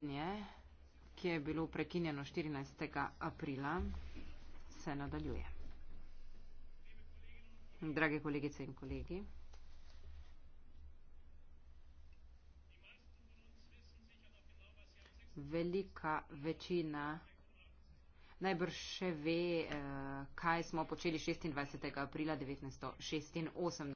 Zasedanje, ki je bilo prekinjeno 14. aprila, se nadaljuje. Drage kolegice in kolegi, velika večina najbrž še ve, eh, kaj smo počeli 26. aprila 1986.